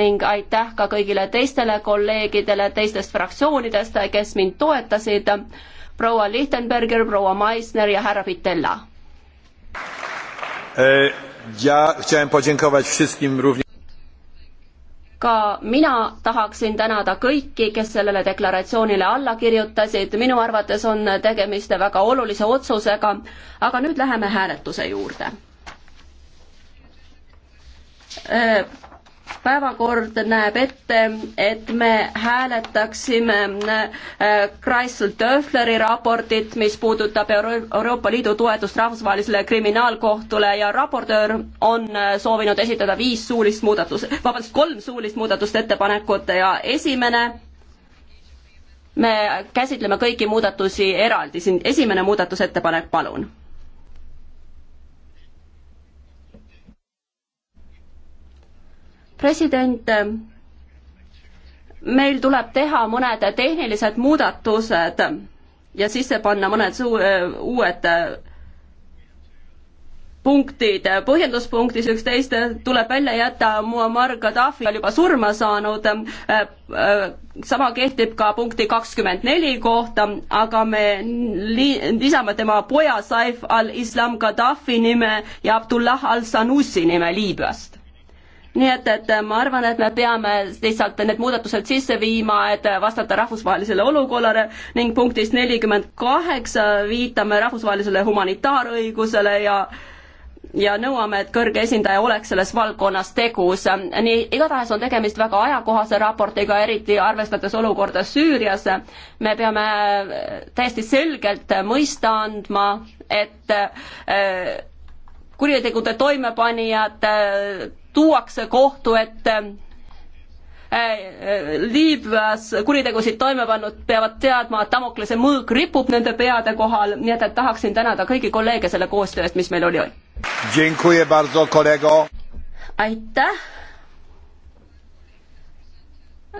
ning aitäh ka kõigile teistele kolleegidele teistest fraktsioonidest, kes mind toetasid, proua Lichtenberger, proua Meissner ja härra Vitella. E, ka mina tahaksin tänada kõiki, kes sellele deklaratsioonile alla kirjutasid, minu arvates on tegemist väga olulise otsusega, aga nüüd läheme hääletuse juurde e, päevakord näeb ette, et me hääletaksime äh, Chrysler-Dörfleri raportit, mis puudutab Euro Euroopa Liidu toetust rahvusvahelisele kriminaalkohtule ja raportöör on äh, soovinud esitada viis suulist muudatus, vabandust, kolm suulist muudatusettepanekut ja esimene me käsitleme kõiki muudatusi eraldi, siin esimene muudatusettepanek, palun president, meil tuleb teha mõned tehnilised muudatused ja sisse panna mõned suu-, uued punktid, põhjenduspunktis üksteist tuleb välja jätta Muammar Gaddafi on juba surma saanud, sama kehtib ka punkti kakskümmend neli kohta, aga me li-, lisame tema poja Saif al-Islam Gaddafi nime ja Abdullah al-Sanusi nime Liibüast nii et, et äh, ma arvan, et me peame lihtsalt need muudatused sisse viima, et vastata rahvusvahelisele olukorrale ning punktis nelikümmend kaheksa viitame rahvusvahelisele humanitaarõigusele ja ja nõuame, et kõrge esindaja oleks selles valdkonnas tegus. nii, igatahes on tegemist väga ajakohase raportiga, eriti arvestades olukorda Süürias. me peame äh, täiesti selgelt mõista andma, et äh, kuritegude toimepanijad tuuakse kohtu ette äh, äh, Liibüas kuritegusid toime pannud peavad teadma, et Damoklese mõõk ripub nende peade kohal, nii et, et tahaksin tänada kõiki kolleege selle koostöö eest, mis meil oli. aitäh.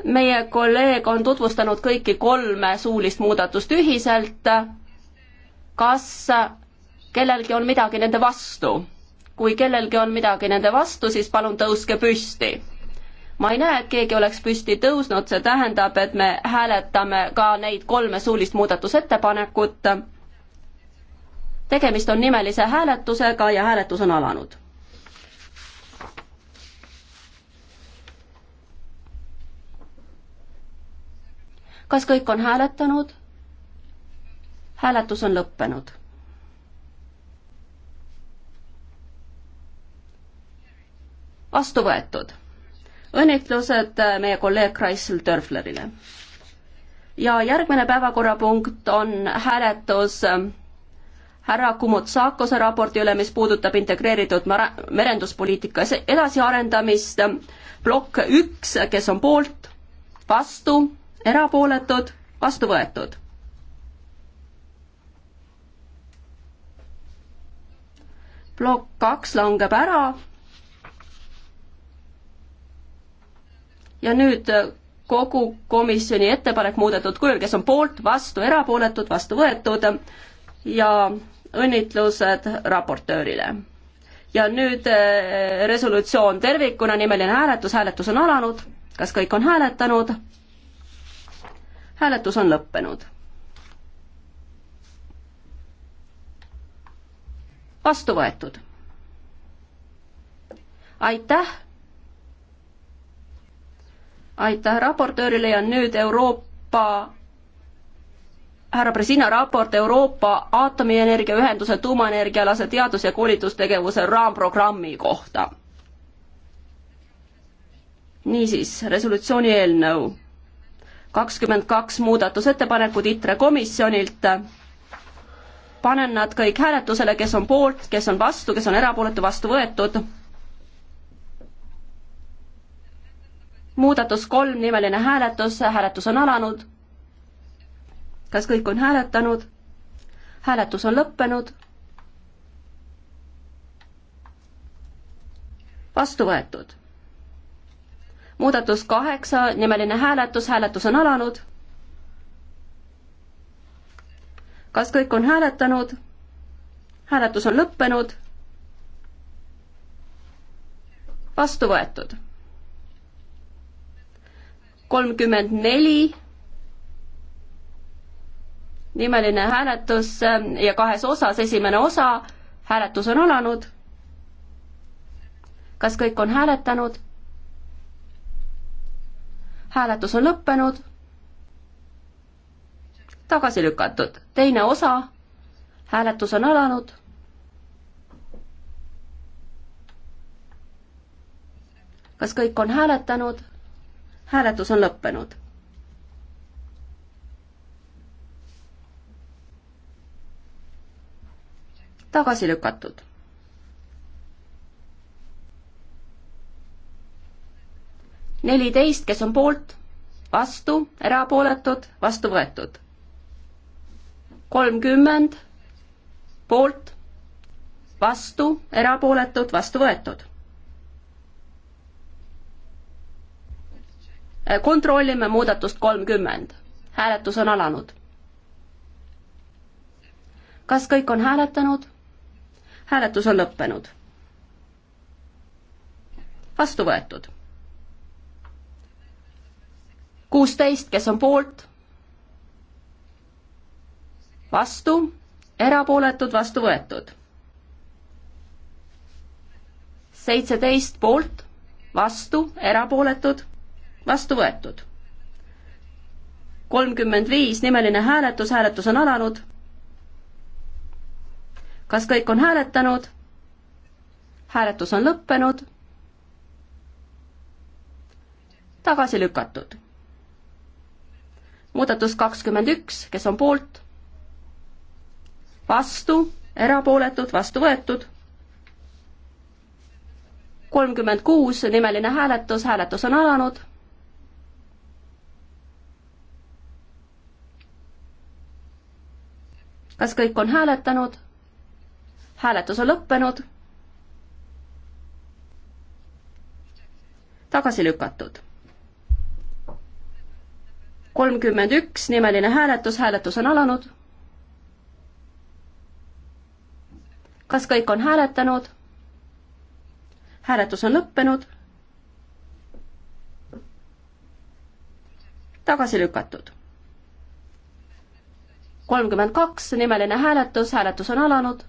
meie kolleeg on tutvustanud kõiki kolme suulist muudatust ühiselt. kas kellelgi on midagi nende vastu? kui kellelgi on midagi nende vastu, siis palun tõuske püsti. ma ei näe, et keegi oleks püsti tõusnud, see tähendab, et me hääletame ka neid kolme suulist muudatusettepanekut. tegemist on nimelise hääletusega ja hääletus on alanud. kas kõik on hääletanud? hääletus on lõppenud vastu võetud. õnnitlused äh, meie kolleeg Kreisel Dörflerile. ja järgmine päevakorrapunkt on hääletus ähm, härra Kumutsakose raporti üle, mis puudutab integreeritud merenduspoliitika edasiarendamist, plokk üks, kes on poolt, vastu, erapooletud, vastu võetud. plokk kaks langeb ära ja nüüd äh, kogu komisjoni ettepanek muudetud kujul, kes on poolt, vastu, erapooletud, vastu võetud ja õnnitlused raportöörile. ja nüüd äh, resolutsioon tervikuna, nimeline hääletus, hääletus on alanud, kas kõik on hääletanud? hääletus on lõppenud. vastu võetud. aitäh aitäh raportöörile ja nüüd Euroopa, härra Presina raport Euroopa aatomienergia ühenduse tuumaenergiaalase teadus- ja koolitustegevuse raamprogrammi kohta. niisiis, resolutsiooni eelnõu, kakskümmend kaks muudatusettepanekut ITRE komisjonilt, panen nad kõik hääletusele, kes on poolt, kes on vastu, kes on erapooletu, vastu võetud muudatus kolm, nimeline hääletus, hääletus on alanud. kas kõik on hääletanud? hääletus on lõppenud. vastu võetud. muudatus kaheksa, nimeline hääletus, hääletus on alanud. kas kõik on hääletanud? hääletus on lõppenud. vastu võetud kolmkümmend neli. nimeline hääletus ähm, ja kahes osas, esimene osa, hääletus on alanud. kas kõik on hääletanud? hääletus on lõppenud. tagasi lükatud, teine osa, hääletus on alanud kas kõik on hääletanud? hääletus on lõppenud. tagasi lükatud. neliteist, kes on poolt, vastu, erapooletud, vastu võetud. kolmkümmend, poolt, vastu, erapooletud, vastu võetud Äh, kontrollime muudatust kolmkümmend. hääletus on alanud. kas kõik on hääletanud? hääletus on lõppenud. vastu võetud. kuusteist, kes on poolt? vastu, erapooletud, vastu võetud. seitseteist poolt, vastu, erapooletud vastu võetud. kolmkümmend viis, nimeline hääletus, hääletus on alanud. kas kõik on hääletanud? hääletus on lõppenud. tagasi lükatud. muudatus kakskümmend üks, kes on poolt? vastu, erapooletud, vastu võetud kolmkümmend kuus nimeline hääletus, hääletus on alanud. kas kõik on hääletanud? hääletus on lõppenud. tagasi lükatud. kolmkümmend üks nimeline hääletus, hääletus on alanud. kas kõik on hääletanud? hääletus on lõppenud. tagasi lükatud kolmkümmend kaks, nimeline hääletus, hääletus on alanud.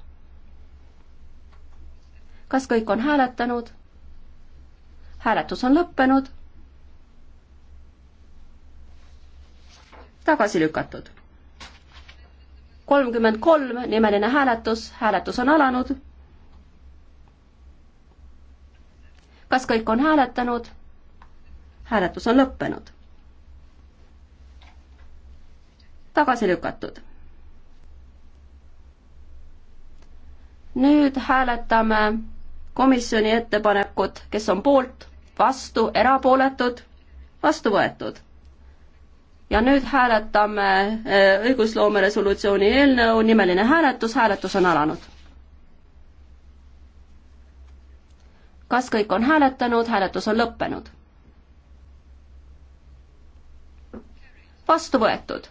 kas kõik on hääletanud? hääletus on lõppenud. tagasi lükatud. kolmkümmend kolm, nimeline hääletus, hääletus on alanud. kas kõik on hääletanud? hääletus on lõppenud tagasi lükatud nüüd hääletame komisjoni ettepanekut, kes on poolt, vastu, erapooletud, vastu võetud. ja nüüd hääletame eh, õigusloome resolutsiooni eelnõu, nimeline hääletus, hääletus on alanud. kas kõik on hääletanud, hääletus on lõppenud? vastu võetud.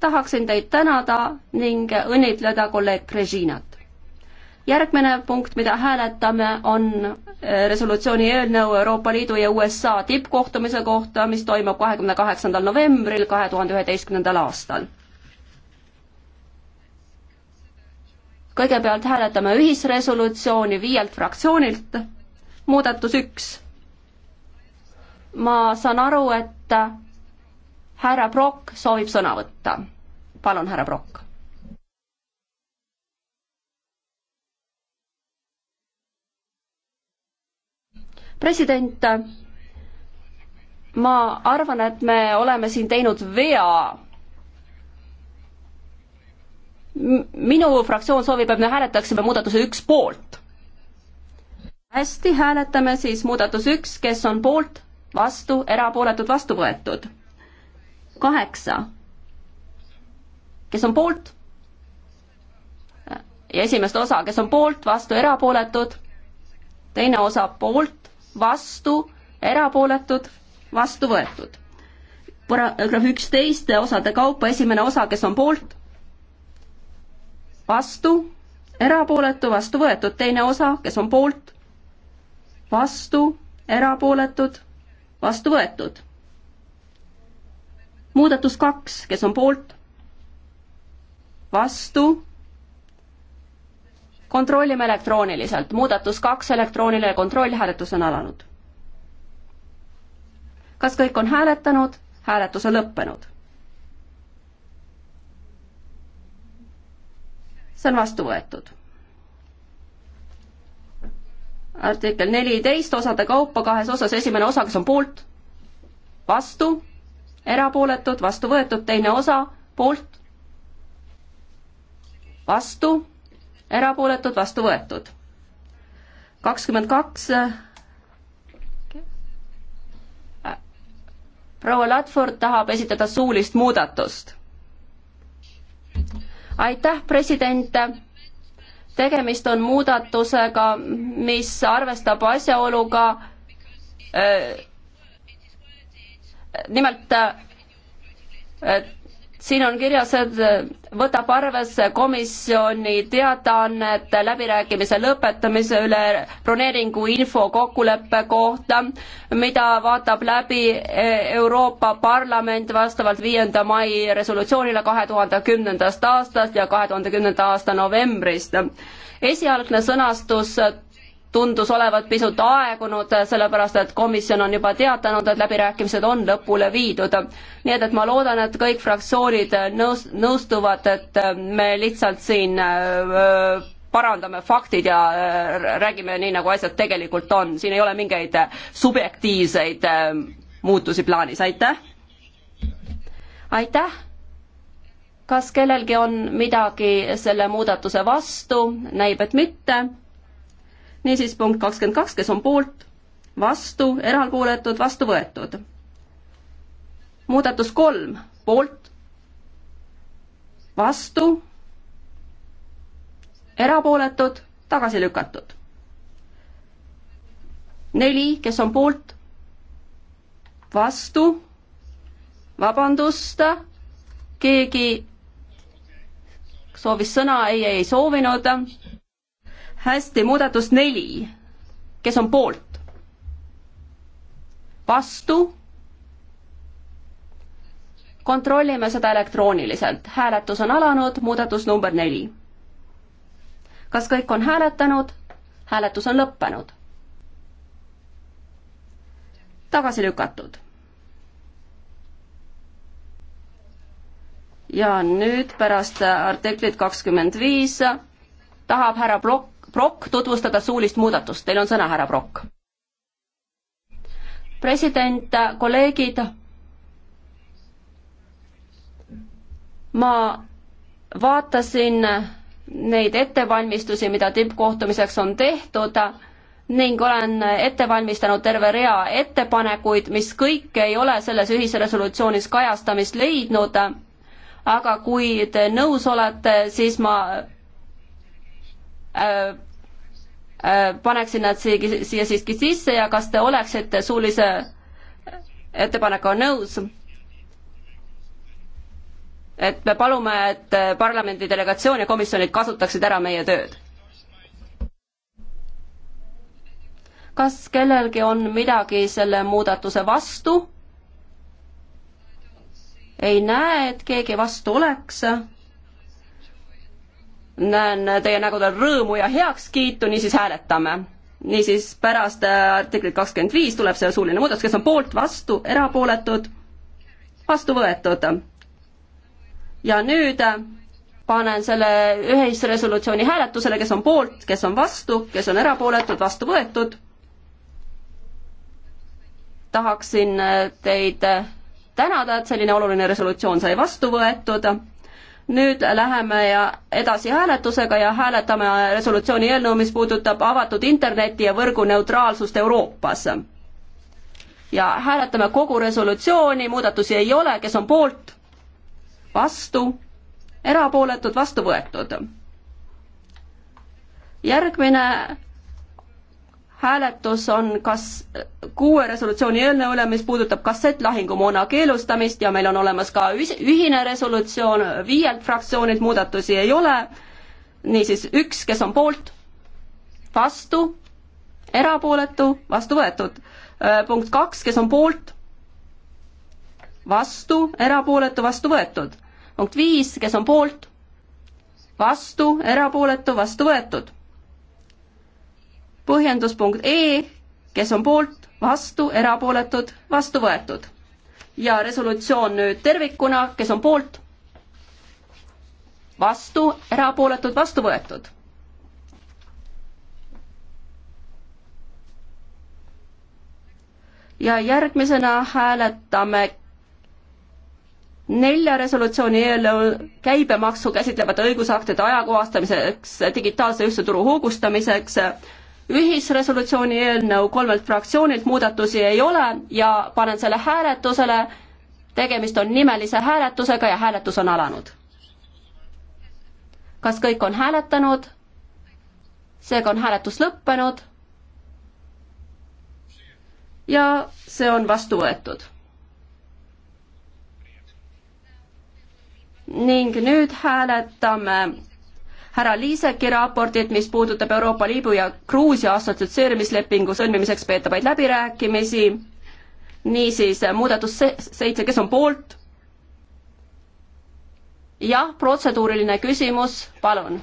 tahaksin teid tänada ning õnnitleda kolleeg Brežinat järgmine punkt, mida hääletame, on äh, resolutsiooni eelnõu Euroopa Liidu ja USA tippkohtumise kohta, mis toimub kahekümne kaheksandal novembril kahe tuhande üheteistkümnendal aastal. kõigepealt hääletame ühisresolutsiooni viielt fraktsioonilt, muudatus üks. ma saan aru, et härra Brock soovib sõna võtta. palun, härra Brock president, ma arvan, et me oleme siin teinud vea. minu fraktsioon soovib, et me hääletaksime muudatuse üks poolt. hästi, hääletame siis muudatus üks, kes on poolt, vastu, erapooletud, vastu võetud. kaheksa. kes on poolt? ja esimest osa, kes on poolt, vastu, erapooletud, teine osa poolt, vastu, erapooletud, vastu võetud. paragrahv üksteist osade kaupa, esimene osa, kes on poolt, vastu, erapooletu, vastu võetud, teine osa, kes on poolt, vastu, erapooletud, vastu võetud. muudatus kaks, kes on poolt, vastu, kontrollime elektrooniliselt, muudatus kaks, elektrooniline kontroll, hääletus on alanud. kas kõik on hääletanud? hääletus on lõppenud. see on vastu võetud. artikkel neliteist osade kaupa kahes osas, esimene osa, kes on poolt, vastu, erapooletud, vastu võetud, teine osa, poolt, vastu erapooletud, vastu võetud. kakskümmend kaks. proua Ladford tahab esitada suulist muudatust. aitäh, president. tegemist on muudatusega, mis arvestab asjaoluga äh,, nimelt äh, siin on kirjas, et võtab arvesse komisjoni teadaannet läbirääkimise lõpetamise üle broneeringu info kokkuleppe kohta, mida vaatab läbi Euroopa Parlament vastavalt viienda mai resolutsioonile kahe tuhande kümnendast aastast ja kahe tuhande kümnenda aasta novembrist. esialgne sõnastus tundus olevat pisut aegunud, sellepärast et komisjon on juba teatanud, et läbirääkimised on lõpule viidud. nii et, et ma loodan, et kõik fraktsioonid nõus, nõustuvad, et me lihtsalt siin äh, parandame faktid ja äh, räägime nii, nagu asjad tegelikult on, siin ei ole mingeid subjektiivseid äh, muutusi plaanis, aitäh! aitäh! kas kellelgi on midagi selle muudatuse vastu, näib, et mitte niisiis punkt kakskümmend kaks, kes on poolt, vastu, erapooletud, vastu võetud. muudatus kolm, poolt, vastu, erapooletud, tagasi lükatud. neli, kes on poolt, vastu, vabandust, keegi soovis sõna, ei, ei soovinud hästi, muudatus neli, kes on poolt? vastu? kontrollime seda elektrooniliselt, hääletus on alanud, muudatus number neli. kas kõik on hääletanud? hääletus on lõppenud. tagasi lükatud ja nüüd pärast artiklit kakskümmend viis tahab härra Plokk Brock tutvustada suulist muudatust. Teil on sõna, härra Brock. president, kolleegid, ma vaatasin neid ettevalmistusi, mida tippkohtumiseks on tehtud ning olen ette valmistanud terve rea ettepanekuid, mis kõik ei ole selles ühisresolutsioonis kajastamist leidnud. aga kui te nõus olete, siis ma äh, Äh, paneksin nad siia, siia siiski sisse ja kas te oleksite suulise ettepanekuga nõus? et me palume, et parlamendi delegatsioon ja komisjonid kasutaksid ära meie tööd. kas kellelgi on midagi selle muudatuse vastu? ei näe, et keegi vastu oleks näen teie nägudel rõõmu ja heakskiitu, niisiis hääletame. niisiis pärast äh, artiklit kakskümmend viis tuleb see suuline muudatus, kes on poolt, vastu, erapooletud, vastu võetud. ja nüüd äh, panen selle ühisresolutsiooni hääletusele, kes on poolt, kes on vastu, kes on erapooletud, vastu võetud. tahaksin äh, teid tänada, et selline oluline resolutsioon sai vastu võetud nüüd läheme ja edasi hääletusega ja hääletame resolutsiooni eelnõu, mis puudutab avatud interneti ja võrgu neutraalsust Euroopas. ja hääletame kogu resolutsiooni, muudatusi ei ole, kes on poolt, vastu, erapooletud, vastu võetud. järgmine hääletus on kas kuue resolutsiooni eelnõu üle, mis puudutab kassettlahingumoona keelustamist ja meil on olemas ka ühine resolutsioon, viielt fraktsioonilt muudatusi ei ole. niisiis üks, kes on poolt, vastu, erapooletu, vastu võetud. punkt kaks, kes on poolt, vastu, erapooletu, vastu võetud. punkt viis, kes on poolt, vastu, erapooletu, vastu võetud põhjenduspunkt E, kes on poolt, vastu, erapooletud, vastu võetud. ja resolutsioon nüüd tervikuna, kes on poolt, vastu, erapooletud, vastu võetud ja järgmisena hääletame nelja resolutsiooni eelnõu käibemaksu käsitlevate õigusaktide ajakohastamiseks digitaalse ühtse turu hoogustamiseks ühisresolutsiooni eelnõu kolmelt fraktsioonilt, muudatusi ei ole ja panen selle hääletusele. tegemist on nimelise hääletusega ja hääletus on alanud. kas kõik on hääletanud? seega on hääletus lõppenud. ja see on vastu võetud. ning nüüd hääletame härra Liiseki raportit, mis puudutab Euroopa Liidu ja Gruusia assotsieerimislepingu sõlmimiseks peetavaid läbirääkimisi. niisiis muudatus seitse, kes on poolt? jah, protseduuriline küsimus, palun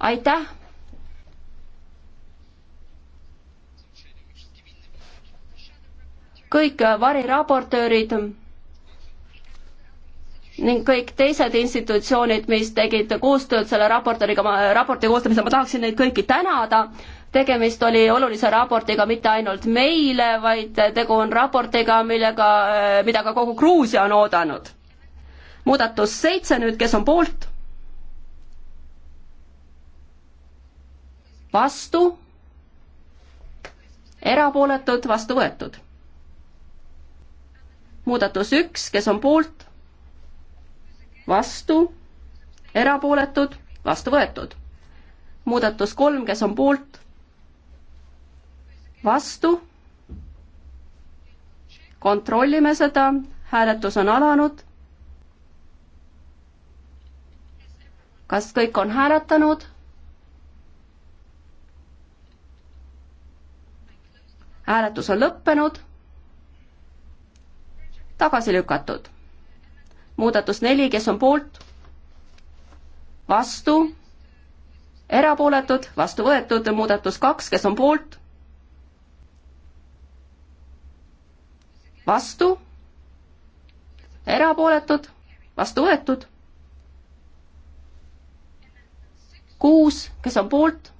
aitäh! kõik variraportöörid ning kõik teised institutsioonid, mis tegid koostööd selle raportoriga, raporti koostamisel, ma tahaksin neid kõiki tänada, tegemist oli olulise raportiga mitte ainult meile, vaid tegu on raportiga, millega, mida ka kogu Gruusia on oodanud. muudatus seitse nüüd, kes on poolt? vastu? erapooletud, vastu võetud. muudatus üks, kes on poolt? vastu, erapooletud, vastu võetud. muudatus kolm, kes on poolt, vastu, kontrollime seda, hääletus on alanud. kas kõik on hääletanud? hääletus on lõppenud, tagasi lükatud muudatus neli, kes on poolt, vastu, erapooletud, vastu võetud, muudatus kaks, kes on poolt, vastu, erapooletud, vastu võetud, kuus, kes on poolt,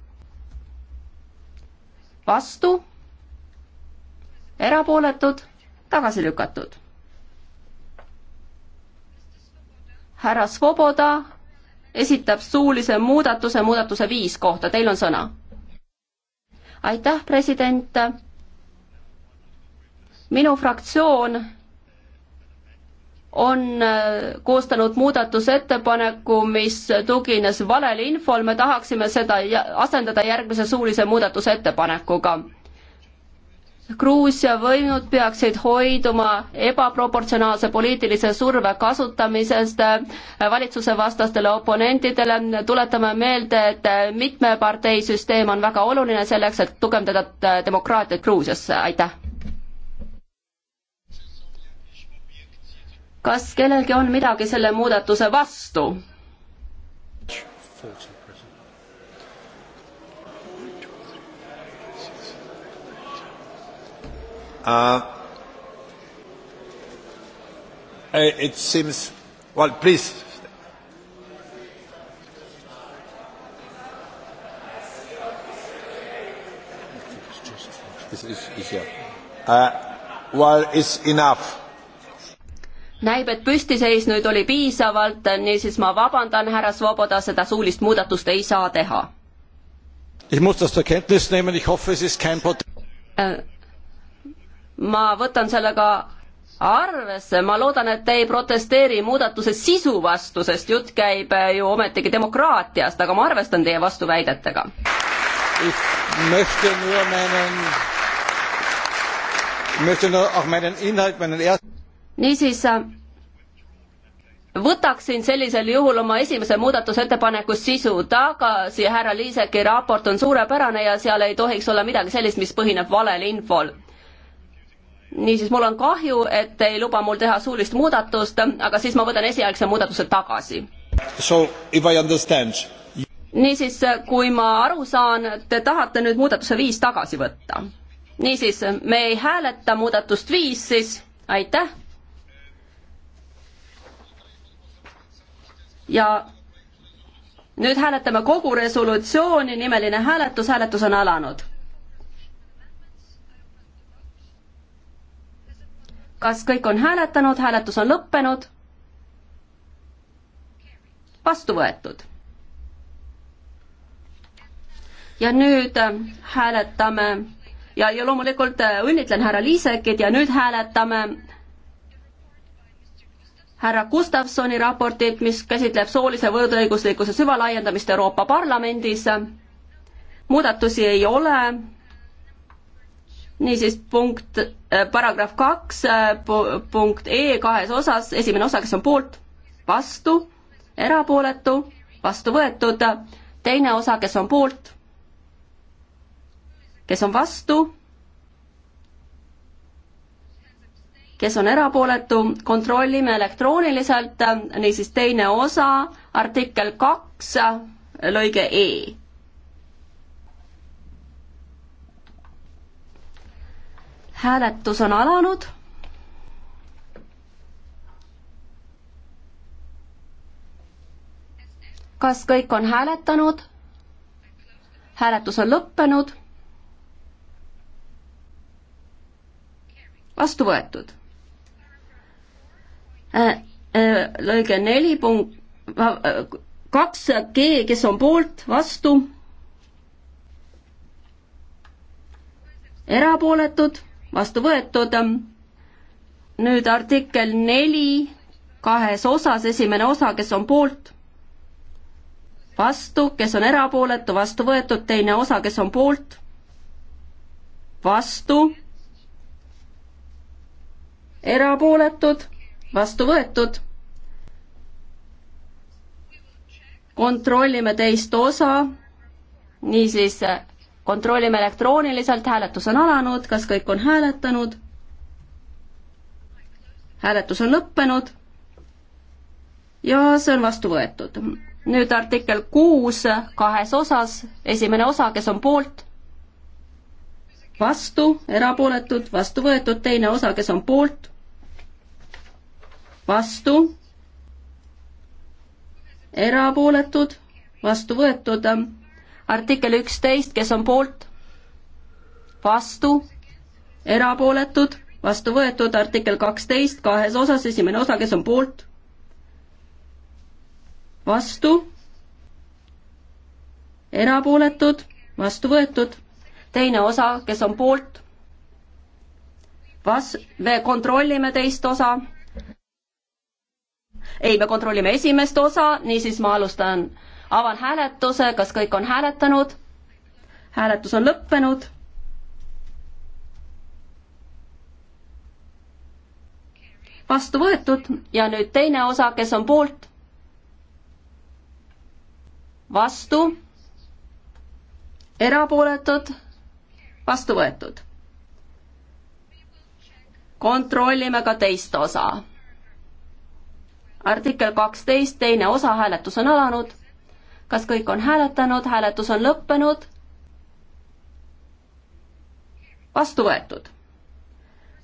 vastu, erapooletud, tagasi lükatud härra Svoboda esitab suulise muudatuse, muudatuse viis kohta, teil on sõna. aitäh, president. minu fraktsioon on äh, koostanud muudatusettepaneku, mis tugines valele infole, me tahaksime seda asendada järgmise suulise muudatusettepanekuga Gruusia võimud peaksid hoiduma ebaproportsionaalse poliitilise surve kasutamisest äh, valitsusevastastele oponentidele. tuletame meelde, et äh, mitme partei süsteem on väga oluline selleks, et tugevdada äh, demokraatiat Gruusiasse, aitäh. kas kellelgi on midagi selle muudatuse vastu? Uh, eh, it seems, well, please. It's, it's, it's, yeah. uh, well, it's enough näib, et püstiseis nüüd oli piisavalt, niisiis ma vabandan, härra Svoboda, seda suulist muudatust ei saa teha. Äh, ma võtan sellega arvesse, ma loodan, et te ei protesteeri muudatuse sisu vastu, sest jutt käib ju ometigi demokraatiast, aga ma arvestan teie vastuväidetega. niisiis, võtaksin sellisel juhul oma esimese muudatusettepaneku sisu tagasi, härra Liiseki raport on suurepärane ja seal ei tohiks olla midagi sellist, mis põhineb valel infol niisiis, mul on kahju, et ei luba mul teha suulist muudatust, aga siis ma võtan esialgse muudatuse tagasi. niisiis, kui ma aru saan, te tahate nüüd muudatuse viis tagasi võtta. niisiis, me ei hääleta muudatust viis, siis aitäh. ja nüüd hääletame kogu resolutsiooni, nimeline hääletus, hääletus on alanud kas kõik on hääletanud, hääletus on lõppenud? vastu võetud. ja nüüd äh, hääletame ja, ja loomulikult äh, õnnitlen härra Liisekit ja nüüd hääletame härra Gustavsoni raportit, mis käsitleb soolise võrdõiguslikkuse süvalaiendamist Euroopa Parlamendis. muudatusi ei ole niisiis punkt äh,, paragrahv kaks äh, punkt E kahes osas, esimene osa, kes on poolt, vastu, erapooletu, vastu võetud, teine osa, kes on poolt, kes on vastu, kes on erapooletu, kontrollime elektrooniliselt, niisiis teine osa, artikkel kaks, lõige E hääletus on alanud. kas kõik on hääletanud? hääletus on lõppenud. vastu võetud äh,. Äh, lõige neli punkt äh,, kaks G, kes on poolt, vastu erapooletud vastu võetud. nüüd artikkel neli kahes osas, esimene osa, kes on poolt, vastu, kes on erapooletu, vastu võetud, teine osa, kes on poolt, vastu, erapooletud, vastu võetud. kontrollime teist osa, niisiis kontrollime elektrooniliselt, hääletus on alanud, kas kõik on hääletanud? hääletus on lõppenud ja see on vastu võetud. nüüd artikkel kuus kahes osas, esimene osa, kes on poolt, vastu, erapooletud, vastu võetud, teine osa, kes on poolt, vastu, erapooletud, vastu võetud artikkel üksteist, kes on poolt, vastu, erapooletud, vastu võetud, artikkel kaksteist kahes osas, esimene osa, kes on poolt, vastu, erapooletud, vastu võetud, teine osa, kes on poolt, vas-, me kontrollime teist osa, ei, me kontrollime esimest osa, niisiis ma alustan avan hääletuse, kas kõik on hääletanud? hääletus on lõppenud. vastu võetud ja nüüd teine osa, kes on poolt? vastu, erapooletud, vastu võetud. kontrollime ka teist osa artikkel kaksteist, teine osa hääletus on alanud kas kõik on hääletanud, hääletus on lõppenud? vastu võetud.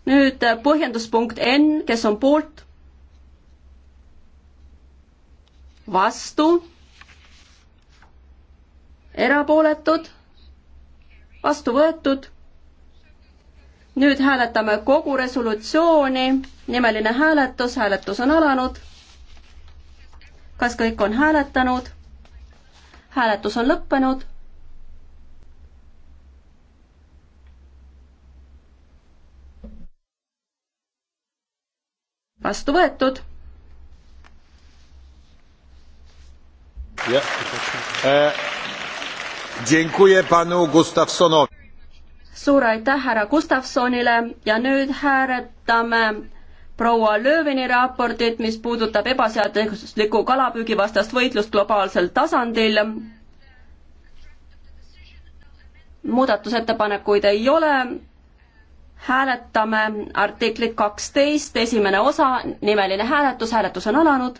nüüd äh, põhjenduspunkt N, kes on poolt? vastu? erapooletud? vastu võetud? nüüd hääletame kogu resolutsiooni, nimeline hääletus, hääletus on alanud. kas kõik on hääletanud? hääletus on lõppenud. vastu võetud. E, suur aitäh härra Gustavsonile ja nüüd hääletame proua Lööveni raportit, mis puudutab ebaseaduslikku kalapüügivastast võitlust globaalsel tasandil. muudatusettepanekuid ei ole. hääletame artiklit kaksteist, esimene osa, nimeline hääletus, hääletus on alanud.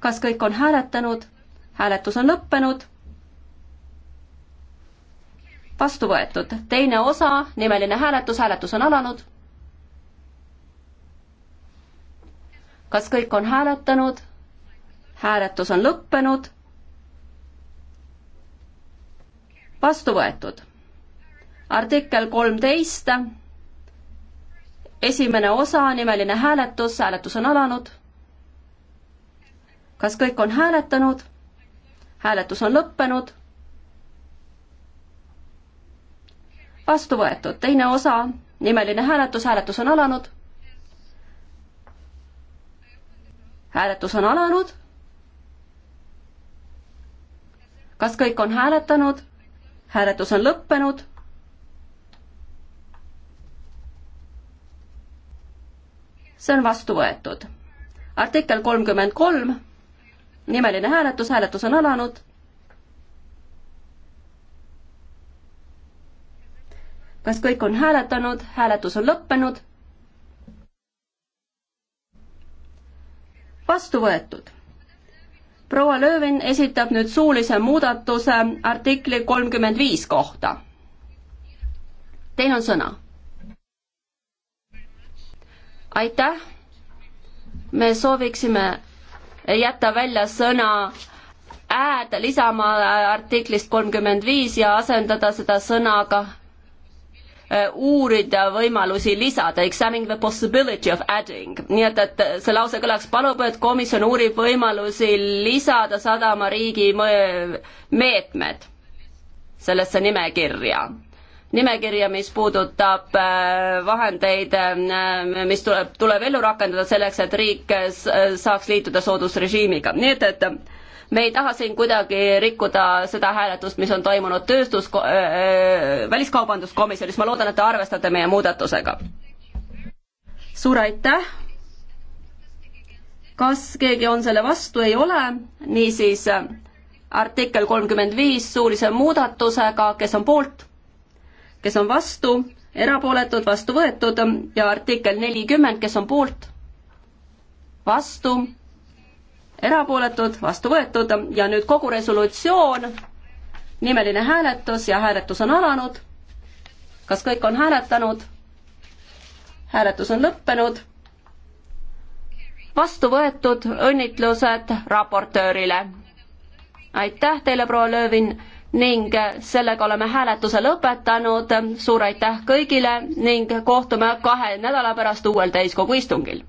kas kõik on hääletanud? hääletus on lõppenud vastu võetud. teine osa, nimeline hääletus, hääletus on alanud. kas kõik on hääletanud? hääletus on lõppenud. vastu võetud. artikkel kolmteist, esimene osa, nimeline hääletus, hääletus on alanud. kas kõik on hääletanud? hääletus on lõppenud. vastu võetud, teine osa, nimeline hääletus, hääletus on alanud hääletus on alanud. kas kõik on hääletanud? hääletus on lõppenud. see on vastu võetud. artikkel kolmkümmend kolm, nimeline hääletus, hääletus on alanud. kas kõik on hääletanud, hääletus on lõppenud vastu võetud. proua Löövin esitab nüüd suulise muudatuse artikli kolmkümmend viis kohta. Teil on sõna. aitäh. me sooviksime jätta välja sõna add lisama artiklist kolmkümmend viis ja asendada seda sõnaga Äh, uurida võimalusi lisada, examining the possibility of adding, nii et, et see lause kõlaks, palub, et komisjon uurib võimalusi lisada sadamariigi meetmed sellesse nimekirja nimekirja, mis puudutab äh, vahendeid, äh, mis tuleb, tuleb ellu rakendada selleks, et riik saaks liituda soodusrežiimiga, nii et, et me ei taha siin kuidagi rikkuda seda hääletust, mis on toimunud tööstus äh,, väliskaubanduskomisjonis, ma loodan, et te arvestate meie muudatusega. suur aitäh! kas keegi on selle vastu, ei ole, niisiis artikkel kolmkümmend viis suulise muudatusega, kes on poolt, kes on vastu, erapooletud, vastu võetud ja artikkel nelikümmend, kes on poolt, vastu erapooletud, vastu võetud ja nüüd kogu resolutsioon, nimeline hääletus ja hääletus on alanud. kas kõik on hääletanud? hääletus on lõppenud. vastu võetud, õnnitlused raportöörile. aitäh teile, proua Löövin ning sellega oleme hääletuse lõpetanud. suur aitäh kõigile ning kohtume kahe nädala pärast uuel täiskogu istungil.